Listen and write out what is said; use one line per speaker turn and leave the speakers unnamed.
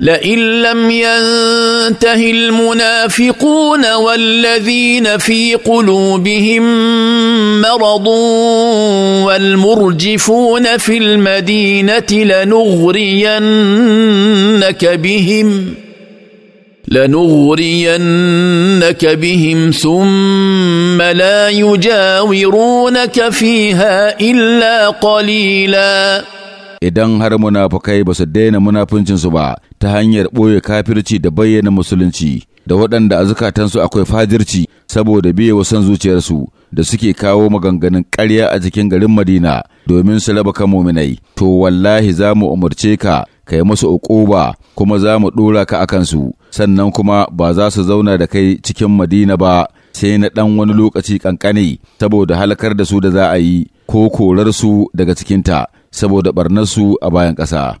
لئن لم ينته المنافقون والذين في قلوبهم مرض والمرجفون في المدينه لنغرينك بهم لنغرينك بهم ثم لا يجاورونك فيها الا قليلاً
idan har munafukai ba su daina munafuncinsu ba ta hanyar ɓoye kafirci da bayyana musulunci da waɗanda a zukatansu akwai fajirci saboda biye wa son zuciyarsu da suke kawo maganganun ƙarya a cikin garin Madina domin su raba kan muminai to wallahi za mu umarce ka kai musu uquba kuma za mu ɗora ka akan su sannan kuma ba za su zauna da kai cikin Madina ba sai na ɗan wani lokaci ƙanƙani, saboda halakar da su da za a yi ko korar su daga cikinta saboda su a bayan ƙasa.